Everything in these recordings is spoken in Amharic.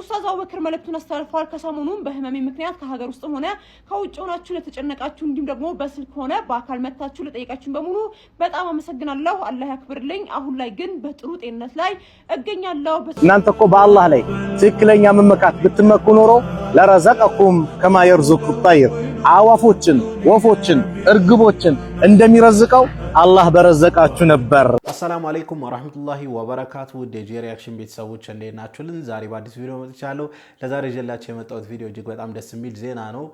ኡስታዝ አቡበክር መልእክቱን አስተላልፈዋል። ከሰሞኑም በህመሜ ምክንያት ከሀገር ውስጥም ሆነ ከውጭ ሆናችሁ ለተጨነቃችሁ እንዲሁም ደግሞ በስልክ ሆነ በአካል መታችሁ ለጠየቃችሁን በሙሉ በጣም አመሰግናለሁ። አላህ ያክብርልኝ። አሁን ላይ ግን በጥሩ ጤንነት ላይ እገኛለሁ። እናንተ እኮ በአላህ ላይ ትክክለኛ መመካት ብትመኩ ኖሮ ለረዘቀኩም ከማ የርዙቅ ጠይር አዋፎችን፣ ወፎችን፣ እርግቦችን እንደሚረዝቀው አላህ በረዘቃችሁ ነበር። አሰላሙ አለይኩም ወራህመቱላሂ ወበረካቱ ውድ የጂ ሪያክሽን ቤተሰቦች እንዴት ናችሁልን? ዛሬ በአዲስ ቪዲዮ መጥቻለሁ። ለዛሬ ይዤላችሁ የመጣሁት ቪዲዮ እጅግ በጣም ደስ የሚል ዜና ነው።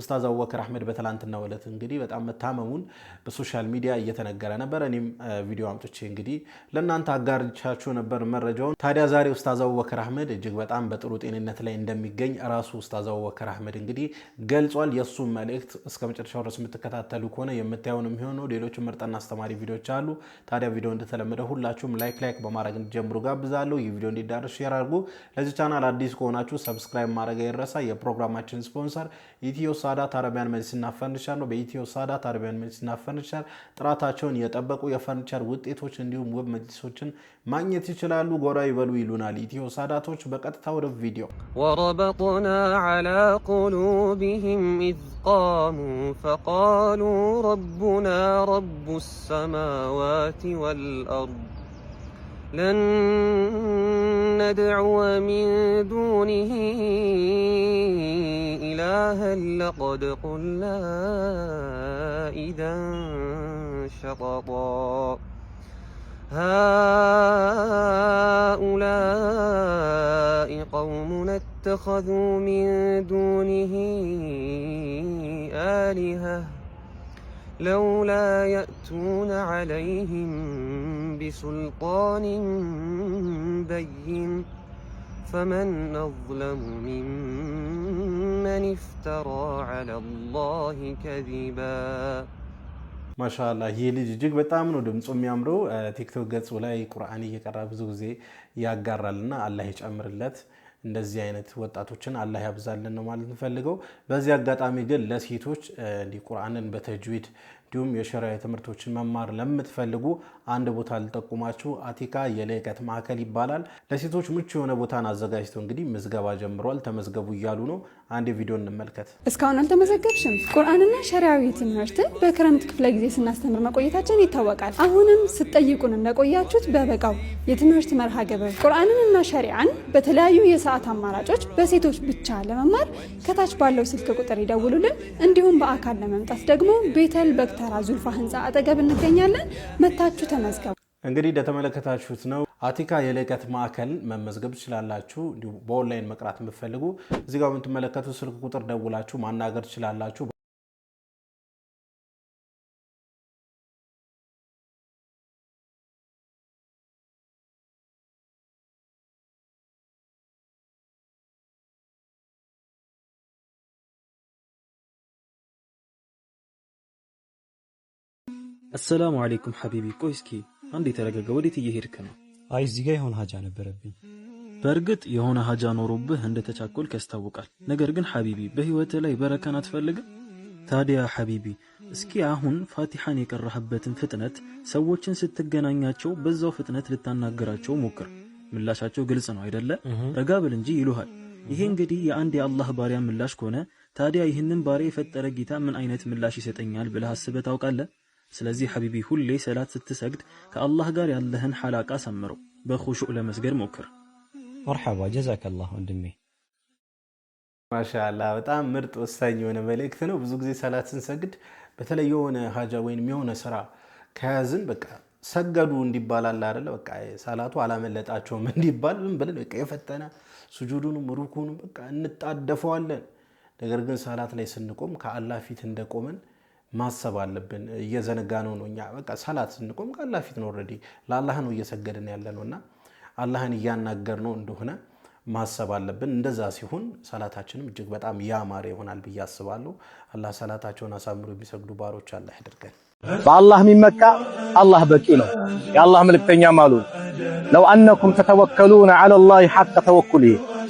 ኡስታዝ አቡበከር አህመድ በትላንትናው ዕለት እንግዲህ በጣም መታመሙን በሶሻል ሚዲያ እየተነገረ ነበር። እኔም ቪዲዮ አምጥቼ እንግዲህ ለእናንተ አጋርቻችሁ ነበር መረጃውን። ታዲያ ዛሬ ኡስታዝ አቡበከር አህመድ እጅግ በጣም በጥሩ ጤንነት ላይ እንደሚገኝ ራሱ ኡስታዝ አቡበከር አህመድ እንግዲህ ገልጿል። የእሱም መልእክት እስከ መጨረሻው ድረስ የምትከታተሉ ከሆነ የምታየውን የሚሆኑ ሌሎች ምርጥና አስተማሪ ቪዲዮዎች አሉ። ታዲያ ቪዲዮ እንደተለመደ ሁላችሁም ላይክ ላይክ በማድረግ እንዲጀምሩ ጋብዛለሁ። ይህ ቪዲዮ እንዲዳረስ ሼር አድርጉ። ለዚህ ቻናል አዲስ ከሆናችሁ ሰብስክራይብ ማድረግ አይረሳ። የፕሮግራማችን ስፖንሰር ኢትዮ ሳዳት አረቢያን መጅልስ እና ፈርኒቸር ነው። በኢትዮ ሳዳት አረቢያን መጅልስ ፈርኒቸር ጥራታቸውን የጠበቁ የፈርኒቸር ውጤቶች እንዲሁም ውብ መጅልሶችን ማግኘት ይችላሉ። ጎራ ይበሉ ይሉናል ኢትዮ ሳዳቶች። በቀጥታ ወደ ቪዲዮ ወረበጥና ዐላ ቁሉብህም ኢዝ ቃሙ ፈቃሉ ረቡና ረቡ ሰማዋት ወልአርድ ለን ነድዕወ ሚን ዱኒህ هل لقد قلنا إذا شططا هؤلاء قوم اتخذوا من دونه آلهة لولا يأتون عليهم بسلطان بين فمن أظلم ممن افترى على الله كذبا ማሻላ ይህ ልጅ እጅግ በጣም ነው ድምፁ የሚያምረው። ቲክቶክ ገጹ ላይ ቁርአን እየቀራ ብዙ ጊዜ ያጋራል እና አላህ ይጨምርለት። እንደዚህ አይነት ወጣቶችን አላህ ያብዛልን ነው ማለት እንፈልገው። በዚህ አጋጣሚ ግን ለሴቶች እንዲህ ቁርአንን በተጅዊድ እንዲሁም የሸሪያ ትምህርቶችን መማር ለምትፈልጉ አንድ ቦታ ልጠቁማችሁ። አቲካ የልዕቀት ማዕከል ይባላል። ለሴቶች ምቹ የሆነ ቦታን አዘጋጅቶ እንግዲህ ምዝገባ ጀምሯል። ተመዝገቡ እያሉ ነው። አንድ ቪዲዮ እንመልከት። እስካሁን አልተመዘገብሽም? ቁርአንና ሸሪያዊ ትምህርትን በክረምት ክፍለ ጊዜ ስናስተምር መቆየታችን ይታወቃል። አሁንም ስትጠይቁን እንደቆያችሁት በበቃው የትምህርት መርሃ ግብር ቁርአንንና ሸሪዓን በተለያዩ የሰዓት አማራጮች በሴቶች ብቻ ለመማር ከታች ባለው ስልክ ቁጥር ይደውሉልን። እንዲሁም በአካል ለመምጣት ደግሞ ቤተል በግታ ተራ ዙልፋ ህንፃ አጠገብ እንገኛለን። መታችሁ ተመዝገቡ። እንግዲህ እንደተመለከታችሁት ነው አቲካ የልቀት ማዕከል መመዝገብ ትችላላችሁ። እንዲሁም በኦንላይን መቅራት የምትፈልጉ እዚጋ የምትመለከቱት ስልክ ቁጥር ደውላችሁ ማናገር ትችላላችሁ። አሰላሙ አሌይኩም ሐቢቢ፣ ቆይ እስኪ አንድ ተረጋጋ። ወዴት እየሄድክ ነው? አይ እዚህ ጋር የሆነ ሀጃ ነበረብኝ። በእርግጥ የሆነ ሀጃ ኖሮብህ እንደተቻኮልክ ያስታውቃል። ነገር ግን ሐቢቢ በህይወትህ ላይ በረከን አትፈልግም? ታዲያ ሐቢቢ እስኪ አሁን ፋቲሐን የቀራህበትን ፍጥነት ሰዎችን ስትገናኛቸው በዛው ፍጥነት ልታናገራቸው ሞክር። ምላሻቸው ግልጽ ነው አይደለ? ረጋ ብል እንጂ ይሉሃል። ይሄ እንግዲህ የአንድ የአላህ ባሪያ ምላሽ ከሆነ ታዲያ ይህንን ባሪያ የፈጠረ ጌታ ምን አይነት ምላሽ ይሰጠኛል ብለህ አስበህ ታውቃለህ? ስለዚህ ሐቢቢ ሁሌ ሰላት ስትሰግድ ከአላህ ጋር ያለህን ሐላቃ ሰምረው፣ በኹሹዕ ለመስገድ ሞክር። መርሐባ ጀዛከላህ ወንድሜ። ማሻላ በጣም ምርጥ ወሳኝ የሆነ መልእክት ነው። ብዙ ጊዜ ሰላት ስንሰግድ በተለይ የሆነ ሀጃ ወይም የሆነ ስራ ከያዝን በቃ ሰገዱ እንዲባላል አይደለ? በቃ ሰላቱ አላመለጣቸውም እንዲባል ዝም ብለን በቃ የፈጠነ ሱጁዱንም ሩኩንም በቃ እንጣደፈዋለን። ነገር ግን ሰላት ላይ ስንቆም ከአላህ ፊት እንደቆመን ማሰብ አለብን። እየዘነጋ ነው ነው እኛ በቃ ሰላት ስንቆም ከአላ ፊት ነው ረዲ ለአላህ ነው እየሰገድን ያለ ነው እና አላህን እያናገር ነው እንደሆነ ማሰብ አለብን። እንደዛ ሲሆን ሰላታችንም እጅግ በጣም ያማረ ይሆናል ብዬ አስባለሁ። አላህ ሰላታቸውን አሳምሮ የሚሰግዱ ባሮች አላህ ያድርገን። በአላህ የሚመካ አላህ በቂ ነው። የአላህ መልእክተኛም አሉ ለው አነኩም ተተወከሉነ አለላህ ሐቀ ተወኩል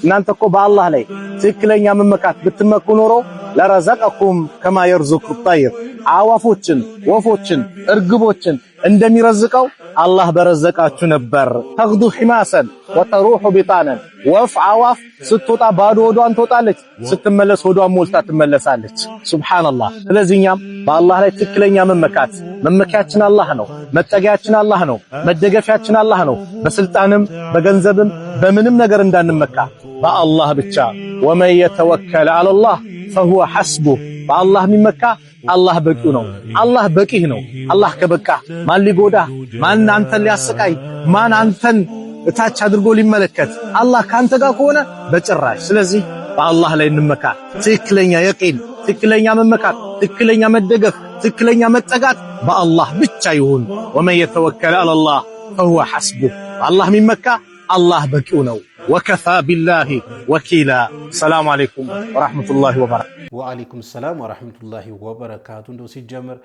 እናንተ እኮ በአላህ ላይ ትክክለኛ መመካት ብትመኩ ኖሮ ለረዘቀኩም ከማ የርዙቁ ጠይር አዋፎችን፣ ወፎችን፣ እርግቦችን እንደሚረዝቀው አላህ በረዘቃችሁ ነበር። ተግዱ ሒማሰን ወተሩሑ ቢጣነን ወፍ አዋፍ ስትወጣ ባዶ ወዷን ትወጣለች፣ ስትመለስ ወዷን ሞልታ ትመለሳለች። ሱብሓነላህ። ስለዚህ እኛም በአላህ ላይ ትክክለኛ መመካት መመኪያችን አላህ ነው፣ መጠጊያችን አላህ ነው፣ መደገፊያችን አላህ ነው። በስልጣንም በገንዘብም በምንም ነገር እንዳንመካ በአላህ ብቻ ወመን የተወከለ አለላህ ፈሁወ ሐስቡህ በአላህ የሚመካ አላህ በቂው ነው። አላህ በቂህ ነው። አላህ ከበቃ ማን ሊጎዳህ? ማን አንተን ሊያሰቃይ? ማን አንተን እታች አድርጎ ሊመለከት? አላህ ከአንተ ጋር ከሆነ በጭራሽ። ስለዚህ በአላህ ላይ እንመካ። ትክክለኛ የቂን፣ ትክክለኛ መመካት፣ ትክክለኛ መደገፍ፣ ትክክለኛ መጠጋት በአላህ ብቻ ይሁን። ወመን የተወከለ አለላህ ፈሁወ ሐስቡህ በአላህ የሚመካ አላህ በቂው ነው። ወከፋ ቢላሂ ወኪላ። ሰላም አለይኩም ወራህመቱላሂ ወበረካቱ። ወአለይኩም ሰላም ወራህመቱላሂ ወበረካቱ። እንደው ሲጀምር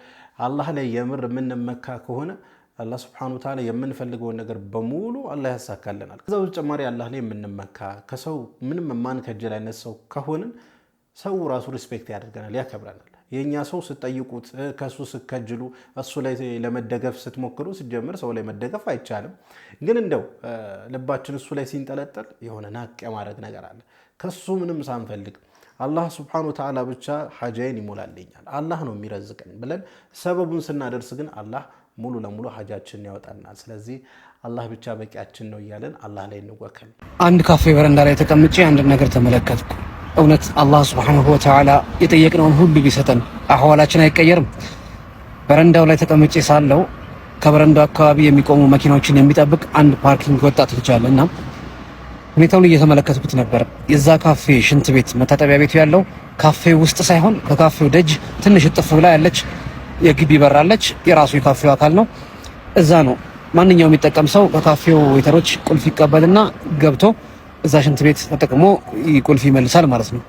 አላህ ላይ የምር የምንመካ ከሆነ አላህ ስብሐነሁ ወተዓላ የምንፈልገውን ነገር በሙሉ አላህ ያሳካልናል። ከዛ በተጨማሪ አላህ ላይ የምንመካ ከሰው ምንም የማንከጀል አይነት ሰው ከሆንን ሰው ራሱ ሪስፔክት ያደርገናል፣ ያከብረናል። የእኛ ሰው ስጠይቁት ከሱ ስከጅሉ እሱ ላይ ለመደገፍ ስትሞክሩ ስትጀምር ሰው ላይ መደገፍ አይቻልም። ግን እንደው ልባችን እሱ ላይ ሲንጠለጠል የሆነ ናቅ የማድረግ ነገር አለ። ከሱ ምንም ሳንፈልግ አላህ ስብሐነሁ ወተዓላ ብቻ ሀጃዬን ይሞላልኛል፣ አላህ ነው የሚረዝቀኝ ብለን ሰበቡን ስናደርስ ግን አላህ ሙሉ ለሙሉ ሀጃችንን ያወጣናል። ስለዚህ አላህ ብቻ በቂያችን ነው እያለን አላህ ላይ እንወከል። አንድ ካፌ በረንዳ ላይ ተቀምጬ አንድ ነገር ተመለከትኩ። እውነት አላህ ስብሐነሁ ወተዓላ የጠየቅነውን ሁሉ ቢሰጠን አህዋላችን አይቀየርም። በረንዳው ላይ ተቀምጬ ሳለው ከበረንዳው አካባቢ የሚቆሙ መኪናዎችን የሚጠብቅ አንድ ፓርኪንግ ወጣት ልጅ አለ እና ሁኔታውን እየተመለከትኩት ነበር። የዛ ካፌ ሽንት ቤት መታጠቢያ ቤቱ ያለው ካፌ ውስጥ ሳይሆን ከካፌው ደጅ ትንሽ እጥፍ ብላ ያለች የግቢ በራለች የራሱ የካፌው አካል ነው። እዛ ነው ማንኛውም የሚጠቀም ሰው ከካፌው ዌተሮች ቁልፍ ይቀበልና ገብቶ እዛ ሽንት ቤት ተጠቅሞ ቁልፍ ይመልሳል ማለት ነው።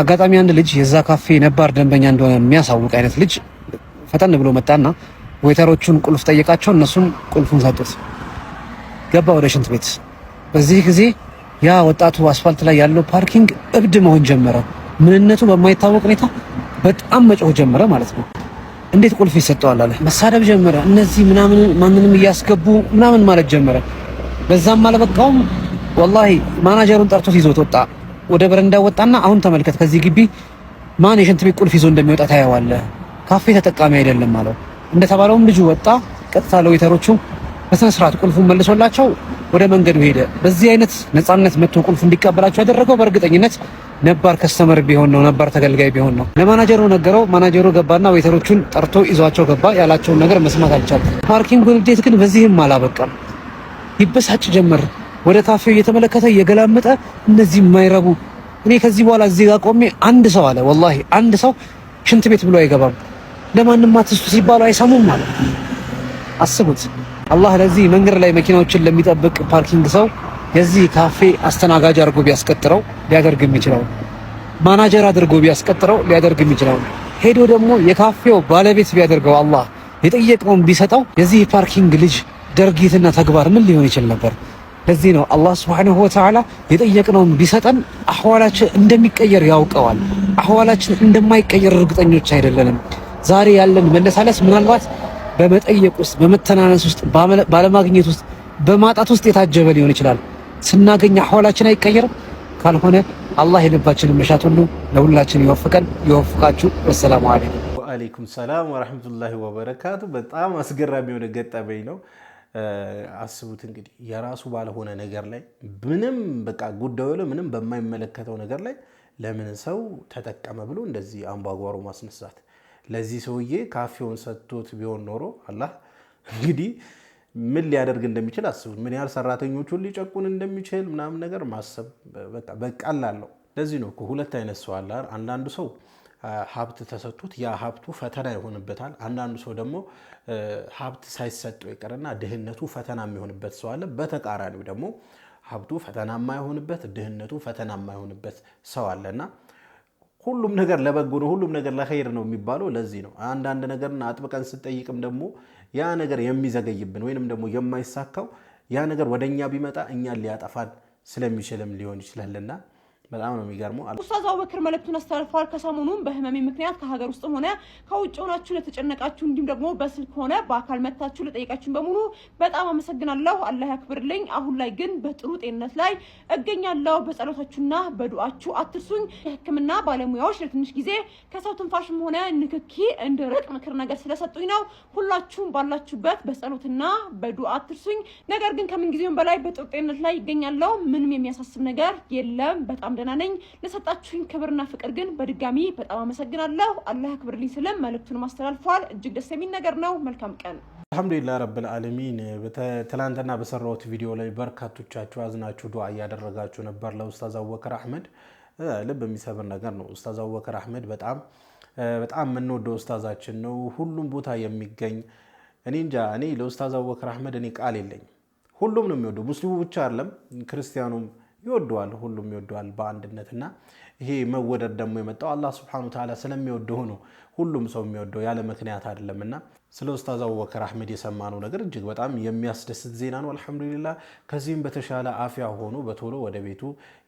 አጋጣሚ አንድ ልጅ የዛ ካፌ ነባር ደንበኛ እንደሆነ የሚያሳውቅ አይነት ልጅ ፈጠን ብሎ መጣና ወይተሮቹን ቁልፍ ጠየቃቸው። እነሱም ቁልፉን ሰጡት፣ ገባ ወደ ሽንት ቤት። በዚህ ጊዜ ያ ወጣቱ አስፋልት ላይ ያለው ፓርኪንግ እብድ መሆን ጀመረ። ምንነቱ በማይታወቅ ሁኔታ በጣም መጮህ ጀመረ ማለት ነው። እንዴት ቁልፍ ይሰጠዋል አለ። መሳደብ ጀመረ። እነዚህ ምናምን ማንንም እያስገቡ ምናምን ማለት ጀመረ። በዛም አልበቃውም ወላሂ ማናጀሩን ጠርቶት ይዞት ወጣ። ወደ በረንዳ ወጣና አሁን ተመልከት፣ ከዚህ ግቢ ማን የሽንት ቤት ቁልፍ ይዞ እንደሚወጣ ታየዋለህ። ካፌ ተጠቃሚ አይደለም አለው። እንደተባለውም ልጁ ወጣ። ቀጥታ ለዌተሮቹ በስነ ስርዓት ቁልፉን መልሶላቸው ወደ መንገዱ ሄደ። በዚህ አይነት ነፃነት መጥቶ ቁልፍ እንዲቀበላቸው ያደረገው በእርግጠኝነት ነባር ከስተመር ቢሆን ነው፣ ነባር ተገልጋይ ቢሆን ነው። ለማናጀሩ ነገረው። ማናጀሩ ገባና ዌተሮቹን ጠርቶ ይዟቸው ገባ። ያላቸውን ነገር መስማት አልቻለም። ፓርኪንጉ ንዴት ግን በዚህም አላበቃም። ይበሳጭ ጀመር። ወደ ታፌው እየተመለከተ እየገላመጠ እነዚህ የማይረቡ እኔ ከዚህ በኋላ እዚህ ጋር ቆሜ አንድ ሰው አለ ወላሂ አንድ ሰው ሽንት ቤት ብሎ አይገባም። ለማንም አትስቱ ሲባሉ አይሰሙም ማለት አስቡት። አላህ ለዚህ መንገድ ላይ መኪናዎችን ለሚጠብቅ ፓርኪንግ ሰው የዚህ ካፌ አስተናጋጅ አድርጎ ቢያስቀጥረው ሊያደርግ የሚችለው ማናጀር አድርጎ ቢያስቀጥረው ሊያደርግ የሚችለው ሄዶ ደግሞ የካፌው ባለቤት ቢያደርገው አላህ የጠየቀውን ቢሰጠው የዚህ ፓርኪንግ ልጅ ድርጊትና ተግባር ምን ሊሆን ይችል ነበር? ለዚህ ነው አላህ ስብሐነሁ ወተዓላ የጠየቅነውን ቢሰጠን አህዋላችን እንደሚቀየር ያውቀዋል። አህዋላችን እንደማይቀየር እርግጠኞች አይደለንም። ዛሬ ያለን መለሳለስ ምናልባት በመጠየቅ ውስጥ፣ በመተናነስ ውስጥ፣ ባለማግኘት ውስጥ፣ በማጣት ውስጥ የታጀበ ሊሆን ይችላል። ስናገኝ አህዋላችን አይቀየርም። ካልሆነ አላህ የልባችንን መሻት ሁሉ ለሁላችን ይወፍቀን፣ ይወፍቃችሁ። ወሰላሙ አለይኩም። ወአለይኩም ሰላም ወረሕመቱላሂ ወበረካቱ። በጣም አስገራሚ የሆነ ገጠመኝ ነው። አስቡት እንግዲህ የራሱ ባልሆነ ነገር ላይ ምንም በቃ ጉዳዩ ላይ ምንም በማይመለከተው ነገር ላይ ለምን ሰው ተጠቀመ ብሎ እንደዚህ አምባጓሮ ማስነሳት። ለዚህ ሰውዬ ካፌውን ሰጥቶት ቢሆን ኖሮ አላህ እንግዲህ ምን ሊያደርግ እንደሚችል አስቡት። ምን ያህል ሰራተኞቹን ሊጨቁን እንደሚችል ምናምን ነገር ማሰብ በቃ በቃ አላለው። ለዚህ ነው ሁለት አይነት ሰው አለ። አንዳንዱ ሰው ሀብት ተሰጡት። ያ ሀብቱ ፈተና ይሆንበታል። አንዳንዱ ሰው ደግሞ ሀብት ሳይሰጠው ይቀርና ድህነቱ ፈተና የሚሆንበት ሰው አለ። በተቃራኒው ደግሞ ሀብቱ ፈተና የማይሆንበት፣ ድህነቱ ፈተና የማይሆንበት ሰው አለና ሁሉም ነገር ለበጎ ነው፣ ሁሉም ነገር ለኸይር ነው የሚባለው ለዚህ ነው። አንዳንድ ነገርን አጥብቀን ስጠይቅም ደግሞ ያ ነገር የሚዘገይብን ወይንም ደግሞ የማይሳካው ያ ነገር ወደኛ ቢመጣ እኛን ሊያጠፋን ስለሚችልም ሊሆን ይችላልና በጣም ነው የሚገርመው። ኡስታዝ አቡበክር መልእክቱን አስተላልፈዋል። ከሰሞኑም በህመሜ ምክንያት ከሀገር ውስጥም ሆነ ከውጭ ሆናችሁ ለተጨነቃችሁ፣ እንዲሁም ደግሞ በስልክ ሆነ በአካል መታችሁ ለጠየቃችሁን በሙሉ በጣም አመሰግናለሁ። አላህ ያክብርልኝ። አሁን ላይ ግን በጥሩ ጤንነት ላይ እገኛለሁ። በጸሎታችሁና በዱአችሁ አትርሱኝ። የህክምና ባለሙያዎች ለትንሽ ጊዜ ከሰው ትንፋሽም ሆነ ንክኪ እንድርቅ ምክር ነገር ስለሰጡኝ ነው። ሁላችሁም ባላችሁበት በጸሎትና በዱአ አትርሱኝ። ነገር ግን ከምን በላይ በጥሩ ጤንነት ላይ ይገኛለሁ። ምንም የሚያሳስብ ነገር የለም። በጣም በጣም ደህና ነኝ። ለሰጣችሁኝ ክብርና ፍቅር ግን በድጋሚ በጣም አመሰግናለሁ። አላህ ክብርልኝ ስለም መልእክቱን ማስተላልፏል። እጅግ ደስ የሚል ነገር ነው። መልካም ቀን። አልሐምዱሊላህ ረብል ዓለሚን። ትናንትና በሰራሁት ቪዲዮ ላይ በርካቶቻችሁ አዝናችሁ ዱዓ እያደረጋችሁ ነበር ለኡስታዝ አቡበከር አህመድ ልብ የሚሰብር ነገር ነው። ኡስታዝ አቡበከር አህመድ በጣም በጣም የምንወደው ኡስታዛችን ነው። ሁሉም ቦታ የሚገኝ እኔ እንጃ እኔ ለኡስታዝ አቡበከር አህመድ እኔ ቃል የለኝም። ሁሉም ነው የሚወደው። ሙስሊሙ ብቻ አይደለም ክርስቲያኑም ይወደዋል፣ ሁሉም ይወደዋል በአንድነት እና ይሄ መወደድ ደግሞ የመጣው አላህ ስብሐነሁ ወተዓላ ስለሚወደው ነው። ሁሉም ሰው የሚወደው ያለ ምክንያት አይደለም እና ስለ ኡስታዝ አቡበከር አህመድ የሰማነው ነገር እጅግ በጣም የሚያስደስት ዜና ነው። አልሐምዱሊላህ ከዚህም በተሻለ አፊያ ሆኖ በቶሎ ወደ ቤቱ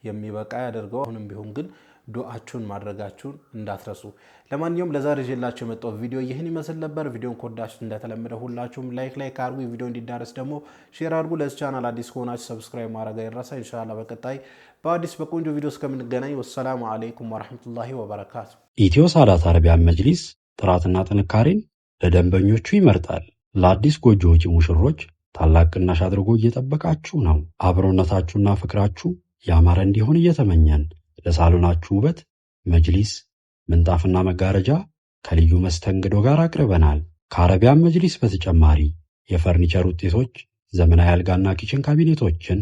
የሚበቃ ያደርገው። አሁንም ቢሆን ግን ዱዓችሁን ማድረጋችሁን እንዳትረሱ። ለማንኛውም ለዛሬ ይዤላችሁ የመጣው ቪዲዮ ይህን ይመስል ነበር። ቪዲዮን ከወዳችሁት እንደተለመደ ሁላችሁም ላይክ ላይክ አድርጉ። ቪዲዮ እንዲዳረስ ደግሞ ሼር አድርጉ። ለዚህ ቻናል አዲስ ከሆናችሁ ሰብስክራይብ ማድረግ አይረሳ። ኢንሻላ በቀጣይ በአዲስ በቆንጆ ቪዲዮ እስከምንገናኝ ወሰላሙ አለይኩም ወረሕመቱላሂ ወበረካቱ። ኢትዮ ሳዳት አረቢያን መጅሊስ ጥራትና ጥንካሬን ለደንበኞቹ ይመርጣል። ለአዲስ ጎጆ ወጪ ሙሽሮች ታላቅ ቅናሽ አድርጎ እየጠበቃችሁ ነው። አብሮነታችሁና ፍቅራችሁ ያማረ እንዲሆን እየተመኘን ለሳሎናችሁ ውበት መጅሊስ፣ ምንጣፍና መጋረጃ ከልዩ መስተንግዶ ጋር አቅርበናል። ከአረቢያን መጅሊስ በተጨማሪ የፈርኒቸር ውጤቶች፣ ዘመናዊ አልጋና ኪችን ካቢኔቶችን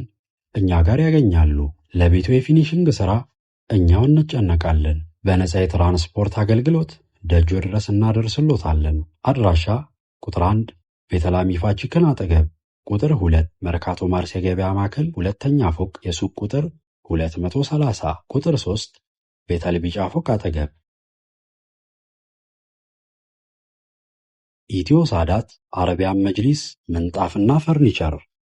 እኛ ጋር ያገኛሉ። ለቤቱ የፊኒሽንግ ሥራ እኛው እንጨነቃለን። በነፃ የትራንስፖርት አገልግሎት ደጆ ድረስ እናደርስሎታለን። አድራሻ ቁጥር 1 ቤተላሚፋ ይፋ አጠገብ፣ ቁጥር 2 መርካቶ ማርስ የገበያ ማዕከል ሁለተኛ ፎቅ የሱቅ ቁጥር 230 ቁጥር 3 ቤተል ቢጫ ፎቅ አጠገብ ኢትዮ ሳዳት አረቢያን መጅሊስ ምንጣፍና ፈርኒቸር